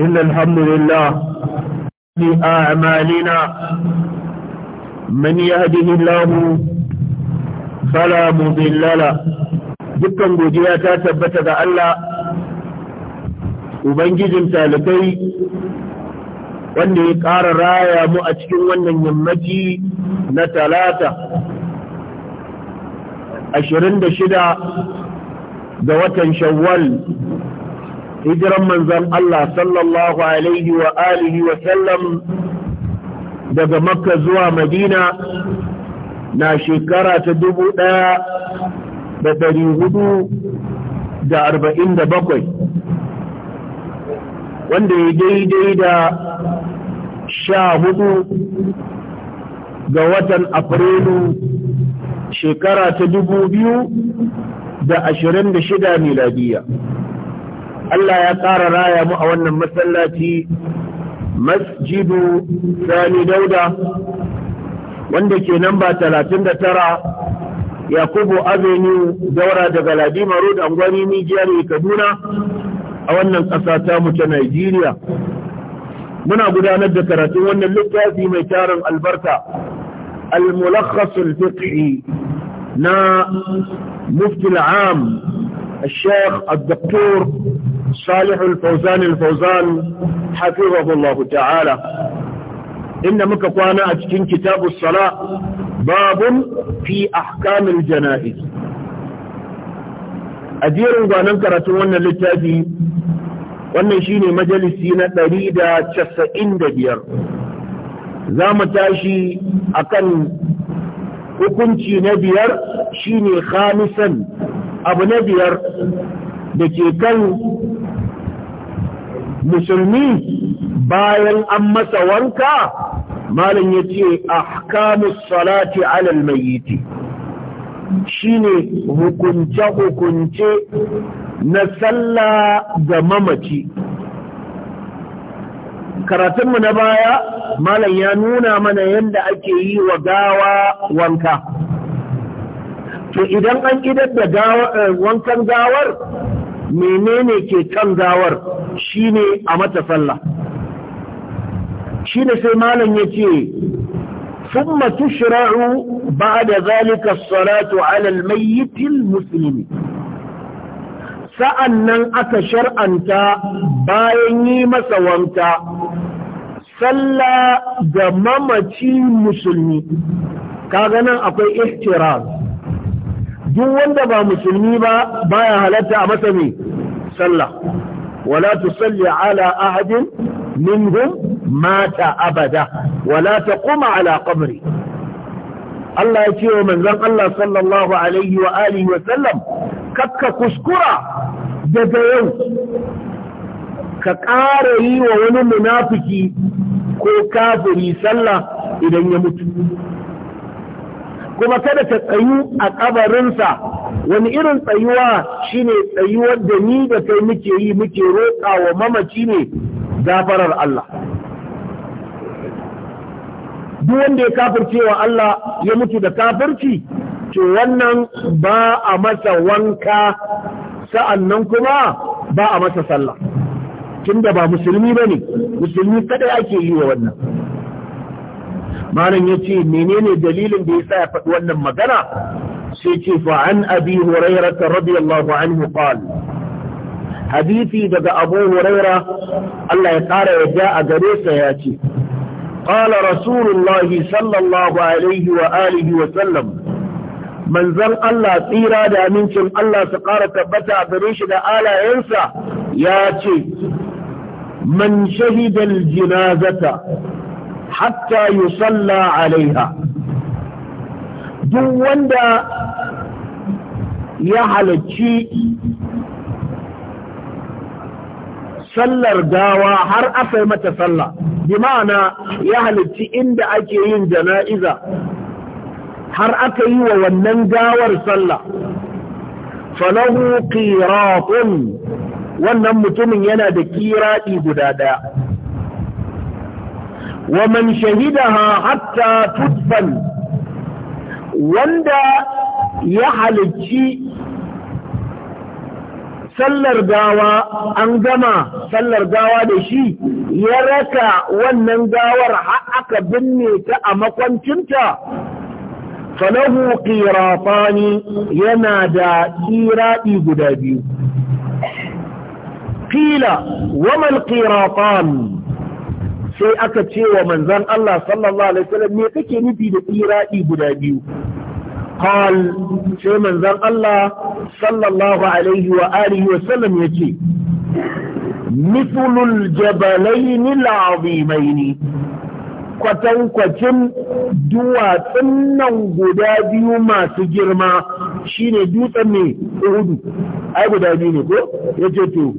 إن الحمد لله في أعمالنا من يهده الله فلا مضل له dukkan godiya ta tabbata ga Allah ubangijin talibai wanda ya ƙara raya mu a cikin wannan yammaci na talata 26 ga watan shawwal hijiran manzon Allah sallallahu alaihi wa alihi wa sallam daga makka zuwa madina na shekara ta dubu ɗaya da dari hudu da arba'in da bakwai wanda ya daidai da sha hudu ga watan afrilu shekara ta dubu biyu da ashirin da shida miladiya Allah ya ƙara raya mu a wannan masallaci masjidu sani dauda wanda ke namba 39 yakubu avenue daura daga ladima road angwani nijiyar kaduna a wannan ƙasa ta mu ta nigeria muna gudanar da karatun wannan littafi mai tarin albarka al-mulakhasul fiqhi na mufti am الشيخ الدكتور صالح الفوزان الفوزان حفظه الله تعالى إن مكوانا أتكين كتاب الصلاة باب في أحكام الجنائز أدير وانان كرتون للتاجي wannan shi ne majalisi na ɗari da casa'in da biyar za mu tashi a kan hukunci na biyar shi ne khamisan abu na biyar da ke kan musulmi bayan an masa wanka malin ya ce ahkamus salati alal shi shine hukunce-hukunce na sallah ga mamaci karatunmu na baya malam ya nuna mana yadda ake yi wa gawa wanka to idan an idar da eh, wankan gawar menene ke kan gawar shine a mata sallah shine sai malam yace ثم تشرع بعد ذلك الصلاة على الميت المسلم sa'annan aka shar'anta bayan yi masa wanka sallah ga mamaci musulmi kaga nan akwai ihtiraz duk wanda ba musulmi ba baya halatta a masa mai sallah wala tusalli ala ahadin minhum mata abada wala taqum ala qabri Allah ya ce wa manzon Allah sallallahu alaihi wa alihi wa sallam kakka kuskura daga yau ka ƙara yi wa wani munafiki ko kafiri sallah idan ya mutu kuma kada ta tsayu a kabarinsa wani irin tsayuwa shine tsayuwar da ni da kai muke yi muke roƙa wa mamaci ne gafarar Allah duk wanda ya kafircewa Allah ya mutu da kafirci to wannan ba a masa wanka sa'annan kuma ba a masa sallah tunda ba musulmi bane musulmi kada ake yi wa wannan malam ya ce menene dalilin da ya sa ya faɗi wannan magana sai ce fa an abi hurairata radiyallahu anhu qala hadisi daga abu huraira Allah ya ƙara yadda a gare sa ya ce ƙala rasulullahi sallallahu alaihi wa alihi wa sallam manzan Allah tsira da amincin Allah su ƙara tabbata a gare shi da alayensa ya ce man shahidal jinazata hatta yusalla alaiha duk wanda ya halarci sallar gawa har aka yi mata sallah bi ma'ana ya halarci inda ake yin jana'iza har aka yi wa wannan gawar sallah falahu qiratun wannan mutumin yana da kiradi guda ɗaya. ومن شهدها حتى تدفن wanda ya halicci sallar gawa an gama sallar gawa da shi ya raka wannan gawar aka binne ta a makwancinta falahu qiratani yana da qiradi guda biyu qila wa mal qiratan sai aka ce wa manzon Allah sallallahu alaihi wasallam ne kake nufi da iradi guda biyu قال sai manzon Allah sallallahu alaihi wa alihi wa sallam yace mithlul jabalain al'azimain kwatankwacin duwatsun nan guda biyu masu girma shine dutsen mai hudu. ai guda biyu ne ko yace to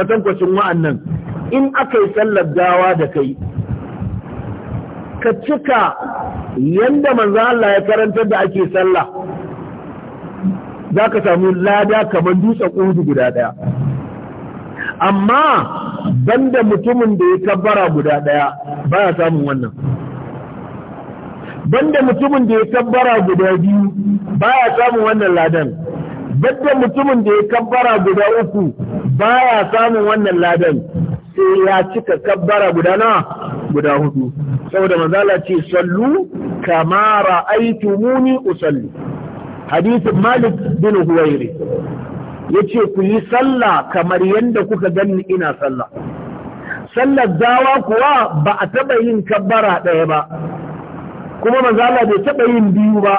kwatankwacin wa'annan in aka yi sallar gawa da kai ka cika yadda manzo Allah ya karantar da ake sallah za ka samu lada kamar dutsen ƙudu guda ɗaya amma banda mutumin da ya kabbara guda ɗaya baya samun wannan banda mutumin da ya kabbara guda biyu baya samun wannan ladan banda mutumin da ya kabbara guda uku baya samun wannan ladan sai ya cika kabbara guda na guda hudu saboda manzala ce sallu kama muni usalli hadisin malik bin huwairi yace ku yi sallah kamar yadda kuka ganni ina sallah sallar dawa kuwa ba a taba yin kabbara ɗaya ba kuma manzo bai taba yin biyu ba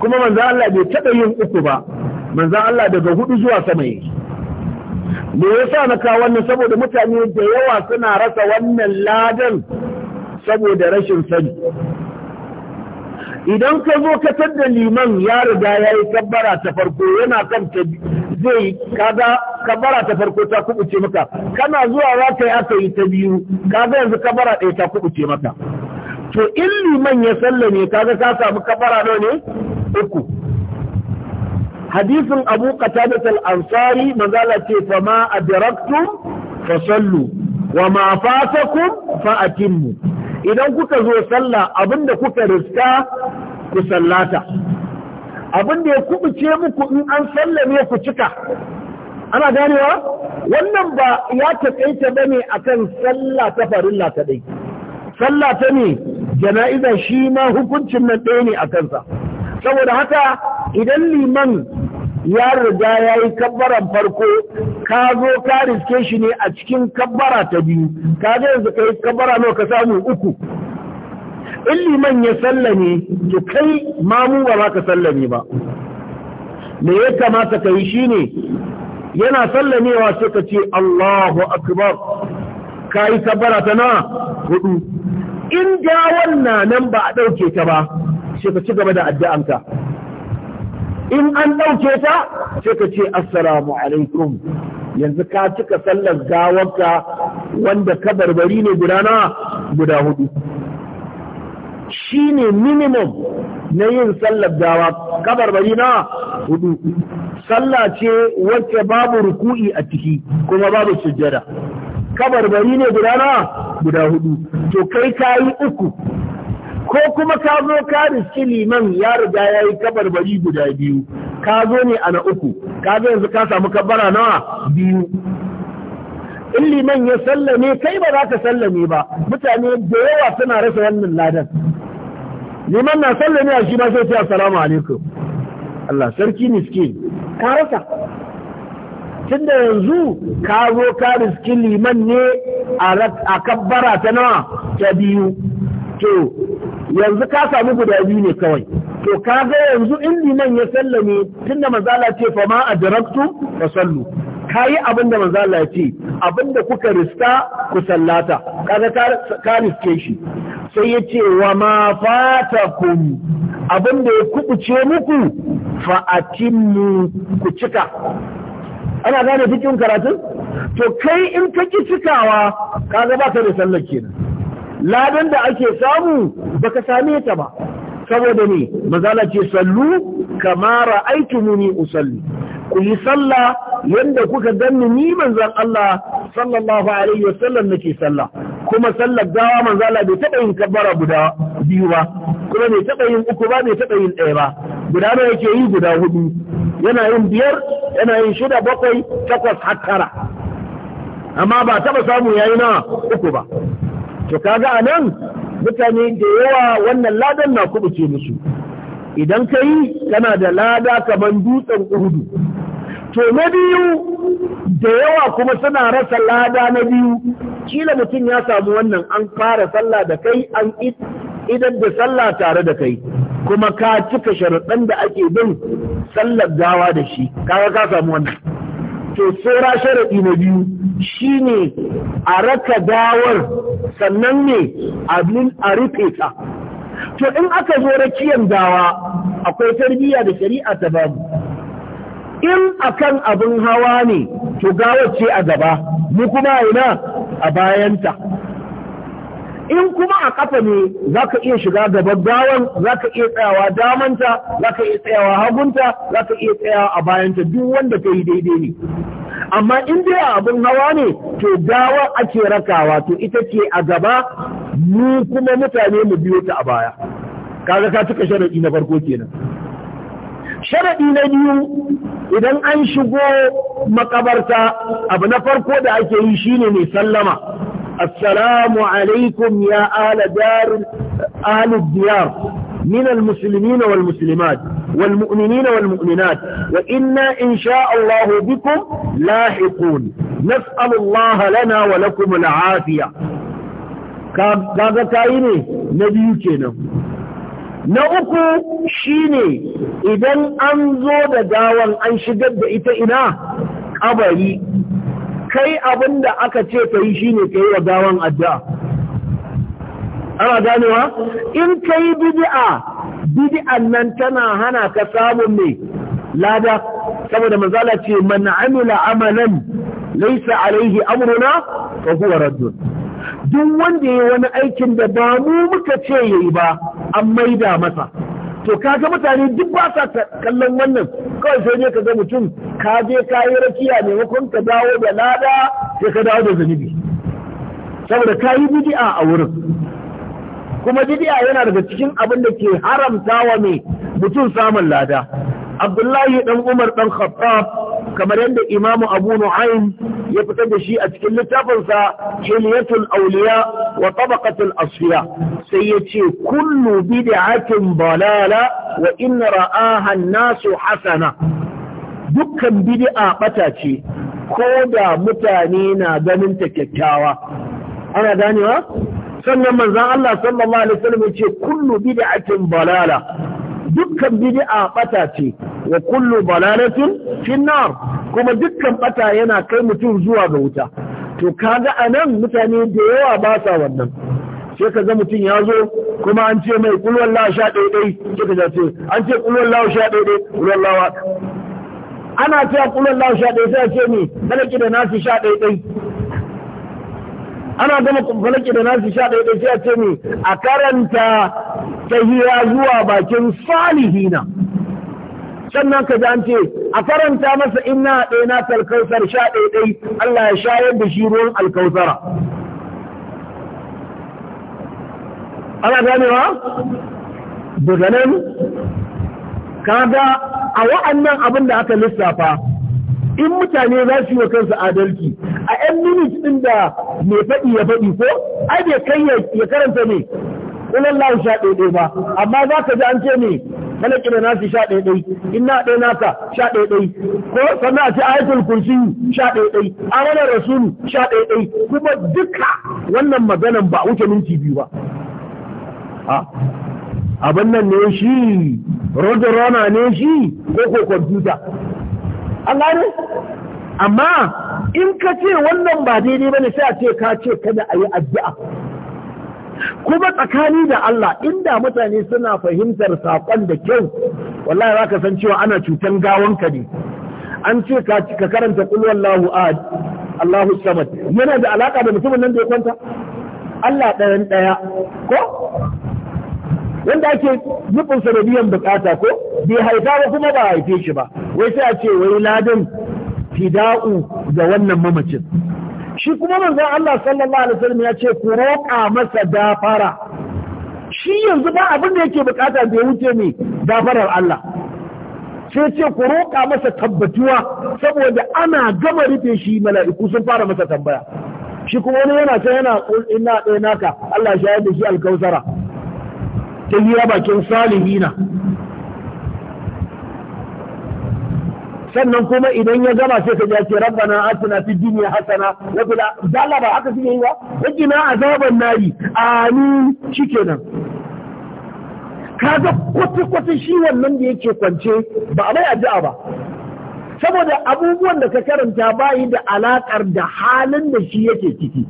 kuma manzo bai taba yin uku ba manzo daga hudu zuwa sama yake me yasa na kawo wannan saboda mutane da yawa suna rasa wannan ladan saboda rashin sani idan ka zo ka tadda liman ya riga ya yi kabbara ta farko yana kan ta zai kaga kabbara ta farko ta kubuce maka kana zuwa za ka yi aka yi ta biyu kaga yanzu kabbara ɗaya ta kubuce maka to in liman ya sallame kaga ka samu kabbara nawa ne uku hadisin abu qatadat al-ansari manzala ce fa ma adraktum fa sallu wa ma fatakum fa atimmu idan kuka zo sallah abinda kuka riska ku sallata abinda ya kubuce muku in an sallame ku cika ana ganewa wannan ba ya taƙaita ne akan sallah ta farilla kaɗai sallah ta ne jana'iza shi ma hukuncin nan ɗaya ne a kansa saboda haka idan liman ya riga ya yi kabbaran farko ka zo ka riske shi ne a cikin kabbara ta biyu ka zo yanzu ka yi kabbara nawa ka samu uku in liman ya sallame to kai mamu ba ka sallame ba me ya kamata ka yi shi ne yana sallamewa sai ka ce Allahu akbar ka yi kabbara ta na hudu in ga wannan nan ba a ɗauke ta ba sai ka ci gaba da addu'anka in an ɗauke ta sai ka ce assalamu alaikum yanzu ka cika sallar gawarka wanda ka barbari ne guda na guda hudu shi ne minimum na yin sallar gawa ka barbari na hudu sallah ce wacce babu ruku'i a ciki kuma babu sujjada kabarbari ne guda na guda hudu to kai kayi uku ko kuma ka zo ka riski liman ya riga ya yi kabarbari guda biyu ka zo ne ana uku ka zo yanzu ka samu kabbara nawa biyu in liman ya sallame kai ba za ka sallame ba mutane da yawa suna rasa wannan ladan liman na sallame a shi ba sai sai assalamu alaikum Allah sarki miskin ka rasa tunda yanzu ka zo ka riski liman ne a kabbara ta nawa ta biyu to yanzu ka samu guda biyu ne kawai to ka ga yanzu in liman ya sallame tunda manzala ce fa ma adraktu fa sallu kayi abin da manzala ce abin da kuka riska ku sallata kaga ka riske shi sai ya ce wa ma fatakum abin da ya kubuce muku fa atimmu ku cika ana gane cikin karatun to kai in ka ki cikawa kaga ba ka da sallar kenan ladan da ake samu baka same ta ba saboda ne mazala ce sallu kamara aikin usalli ku yi sallah yadda kuka ganni ni manzan Allah sallallahu alaihi wasallam nake sallah kuma sallar gawa manzala bai taba yin kabbara guda biyu ba kuma bai taba yin uku ba bai taba yin ɗaya ba guda nawa yake yi guda hudu yana yin biyar yana yin shida bakwai takwas har amma ba taba samu yayi na uku ba to kaga a nan mutane da yawa wannan ladan na kubuce musu idan ka yi kana da lada kamar dutsen Urdu. to na biyu da yawa kuma suna rasa lada na biyu kila mutum ya samu wannan an fara sallah da kai an idan da sallah tare da kai kuma ka cika sharaɗan da ake bin sallar gawa da shi kaga ka samu wannan to tsora sharaɗi na biyu shine a raka dawar sannan ne abin a rufe ta to in aka zo rakiyar dawa akwai tarbiyya da shari'a ta babu in akan abin hawa ne to gawar ce a gaba mu kuma ina a bayanta in kuma a kafa ne za ka iya shiga gaba gawan za ka iya tsayawa damanta za ka iya tsayawa hagunta za ka iya tsayawa a bayanta duk wanda ta yi daidai ne amma in dai abin hawa ne to gawa ake rakawa to ita ce a gaba mu kuma mutane mu biyo ta a baya kaga ka cika sharaɗi na farko kenan sharaɗi na biyu idan an shigo makabarta abu na farko da ake yi shine mai sallama السلام عليكم يا آل دار آل الديار من المسلمين والمسلمات والمؤمنين والمؤمنات وإنا إن شاء الله بكم لاحقون نسأل الله لنا ولكم العافية kaga kayi ne na biyu kenan na uku shine idan an zo da gawan an shigar da ita ina kabari kai abin da aka ce ka yi shine ka yi wa gawan addu'a ana ganewa in ka yi bidi'a bid'an nan tana hana ka samun mai lada saboda manzala ce man amila amalan laisa alaihi amruna fa huwa raddun duk wanda ya wani aikin da ba mu muka ce yayi ba an maida masa to kaga mutane duk ba sa kallon wannan kawai sai ne ka ga mutum ka je ka yi rakiya maimakon ka dawo da lada sai ka dawo da zunubi saboda ka yi bidi'a a wurin kuma bidi'a yana daga cikin abin da ke haramta wa mai mutum samun lada abdullahi dan umar dan khattab kamar yadda Imam Abu ya fitar da shi a cikin littafinsa Hilyatul auliya wa Tabaqatul Asfiya sai ya ce kullu bid'atin balala wa in ra'aha an-nasu hasana dukkan bid'a bata ce ko da mutane na ganin ta kyakkyawa ana ganewa sannan manzan Allah sallallahu alaihi wasallam ya ce kullu bid'atin balala dukkan bid'a bata ce wa kullu balalatin nar kuma dukkan bata yana kai mutum zuwa ga wuta to kaga anan mutane da yawa ba sa wannan sai ka mutum ya zo kuma an ce mai "Ƙulwar lawa sha ɗaiɗai sai ka ce an ce "Ƙulwar lawa sha ɗaiɗai ƙulwar lawa ana ce, "Ƙulwar lawa sha ɗaiɗai sai ce ne balaki da nasu sha ɗaiɗai ana gama falaki da nasu sha ɗaiɗai sai ce ne a karanta tahiya zuwa bakin salihina sannan ka ji an ce a faranta masa inna ɗaya na alkausar sha ɗaiɗai Allah ya shayar da shi ruwan alkausara ana ganewa daga nan kaga a wa'annan abin da aka lissafa in mutane za su yi kansu adalci a 'yan minit ɗin da mai faɗi ya faɗi ko ai bai kai ya karanta ne ilan lahu sha ɗaiɗai ba amma za ka ji an ce ne malaki da nasi sha ɗaiɗai inna ɗaya nasa sha ɗaiɗai ko sannan a ce ayatul kursi sha ɗaiɗai amanar rasulu sha ɗaiɗai kuma duka wannan maganan ba wuce minti biyu ba abin nan ne shi rodorona ne shi ko kwamfuta Allah ne amma in ka ce wannan ba daidai ba ne sai a ce ka ce kada a yi addu'a kuma tsakani da Allah inda mutane suna fahimtar saƙon da kyau wallahi za ka san cewa ana cutan gawanka ne an ce ka karanta kulwallahu ahad Allahu samad yana da alaka da mutumin nan da ya kwanta Allah ɗayan ɗaya ko wanda ake nufin sanadiyan bukata ko bai haifa ba kuma ba haife shi ba wai sai a ce wai ladin fida'u da wannan mamacin shi kuma manzon Allah sallallahu alaihi wasallam ya ce ku roƙa masa dafara shi yanzu ba abin da yake bukata da ya wuce ne dafarar Allah sai ce ku roƙa masa tabbatuwa saboda ana gama rufe shi mala'iku sun fara masa tambaya shi kuma wani yana ta yana ina ɗaya naka Allah shi ya shi alkausara ta yi bakin salihina sannan kuma idan ya gama sai ka ce rabbana atina fid dunya hasana wa fil dalla ba haka suke yi ba na azaban nari amin shikenan kaga kwata kwata shi wannan da yake kwance ba a mai addu'a ba saboda abubuwan da ka karanta bayi da alakar da halin da shi yake ciki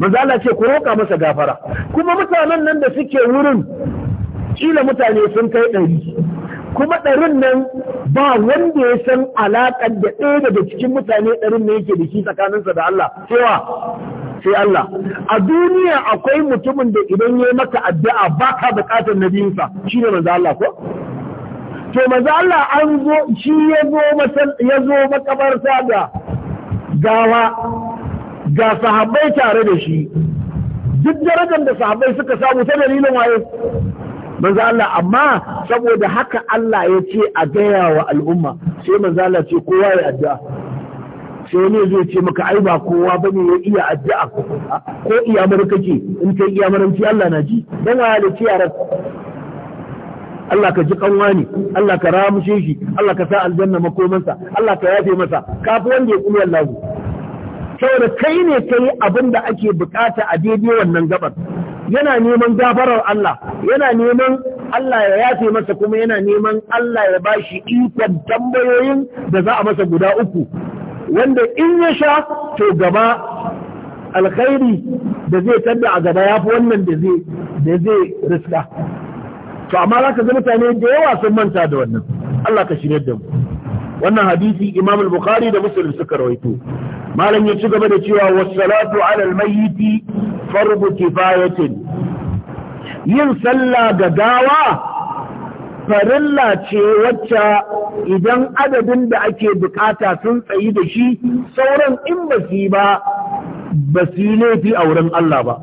manzo Allah ce ku roƙa masa gafara kuma mutanen nan da suke wurin kila mutane sun kai ɗari kuma ɗarin nan ba wanda ya san alaƙar da ɗaya daga cikin mutane ɗarin nan yake da shi tsakaninsa da Allah cewa sai Allah a duniya akwai mutumin da idan ya maka addu'a ba ka buƙatar nabiyinsa shi ne manzo Allah ko to manzo Allah an zo shi ya zo ya zo makabarta ga gawa ga sahabbai tare da shi duk darajar da sahabbai suka samu ta dalilin waye manzo Allah amma saboda haka Allah ya ce a gaya wa al'umma sai manzo Allah ce kowa ya addu'a sai wani zai ce maka ai ba kowa bane ya iya addu'a ko iya iyamar ke in kai iya iyamaranci Allah na ji dan wa da ciyarar Allah ka ji kanwa ne Allah ka ramushe shi Allah ka sa aljanna makomansa Allah ka yafe masa kafi wanda ya kuma Allah saboda kai ne kai abin da ake bukata a daidai wannan gabar yana neman gafarar Allah yana neman Allah ya yafe masa kuma yana neman Allah ya bashi ikon tambayoyin da za a masa guda uku wanda in ya sha to gaba alkhairi da zai tadda a gaba ya fi wannan da zai da zai riska to amma za ka ga mutane da yawa sun manta da wannan Allah ka shirya da mu wannan hadisi Imam al-Bukhari da Muslim suka rawaito malam ya ci gaba da cewa wasu salatu 'ala al-mayyit farbu kifayatin yin sallah ga gawa farilla ce wacce idan adadin da ake bukata sun tsayi da shi sauran in ba su ba ba su yi laifi a wurin Allah ba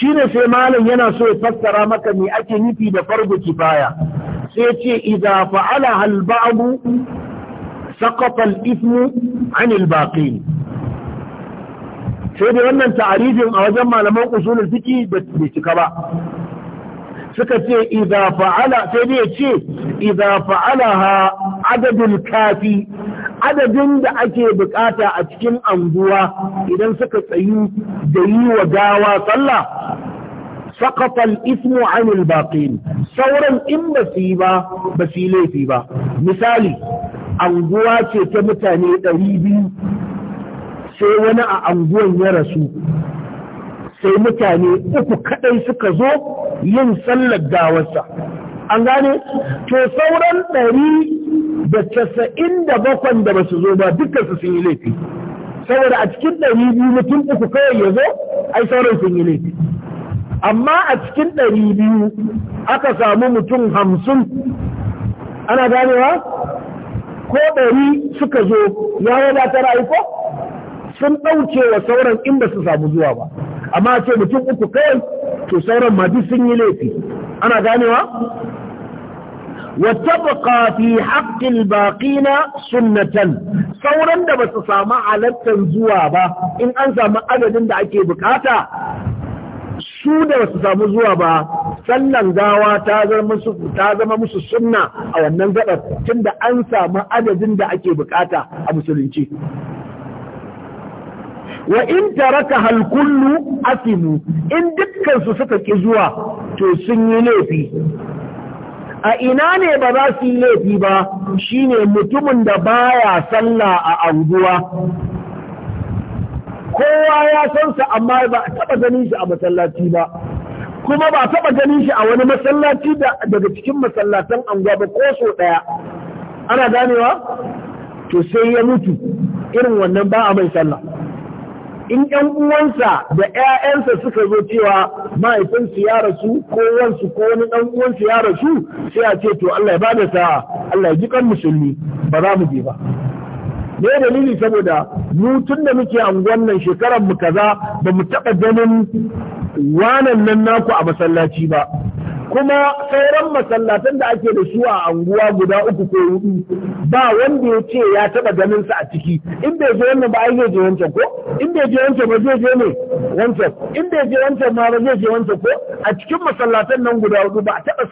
shi ne sai malam yana so ya fassara maka me ake nufi da farbu kifaya sai ce idza fa'ala hal ba'du saqata al-ithmu 'an al-baqin sai dai wannan ta'arifin a wajen malaman usulul fiqi bai cika ba suka ce idza fa'ala sai dai yace idza fa'alaha adadul kafi adadin da ake bukata a cikin anguwa idan suka tsayu da yi wa gawa sallah سقط الاسم عن الباقين sauran in ba su ba ba laifi ba misali anguwa ce ta mutane ɗari biyu sai wani a anguwan ya rasu sai mutane uku kadai suka zo yin sallar gawarsa an gane to sauran ɗari da casa'in da bakwan da basu zo ba su sun yi laifi saboda a cikin ɗari biyu mutum uku kawai ya zo ai sauran sun yi laifi amma a cikin ɗari biyu aka samu mutum hamsin ana ganewa ko ɗari suka zo ya wadatar aiko sun ɗauke wa sauran in su samu zuwa ba amma ce mutum uku kawai to sauran ma sun yi laifi ana ganewa وتبقى في baƙi na sunnatan sauran da basu samu halattar zuwa ba in an samu adadin da ake bukata su da su samu zuwa ba sannan gawa ta zama musu sunna a wannan gabar tunda an samu adadin da ake bukata a musulunci wa in taraka hal kullu asimu in dukkan su suka ki zuwa to sun yi laifi a ina ne ba za su yi laifi ba shine mutumin da baya sallah a anguwa kowa ya san sa amma ba taba ganin shi a masallaci ba kuma ba taba ganin shi a wani masallaci daga cikin masallatan anguwa ba ko so daya ana ganewa to sai ya mutu irin wannan ba a mai sallah in ‘yan uwansa da ‘ya'yansa suka zo cewa mahaifinsu ya rasu ko wansu ko wani ɗan uwansu ya rasu sai a ce to Allah ya bada sa'a Allah ya ji kan musulmi ba za mu je ba me dalili saboda mu tun da muke anguwan nan shekarar mu kaza ba mu taɓa ganin wanan nan naku a masallaci ba kuma sauran masallatan da ake da su a anguwa guda uku ko hudu ba wanda ya ce ya taba ganin sa a ciki in bai je wannan ba ai zai je wancan ko in bai je wancan ba zai je ne wancan in bai je wancan ma ba zai je wancan ko a cikin masallatan nan guda hudu ba a taba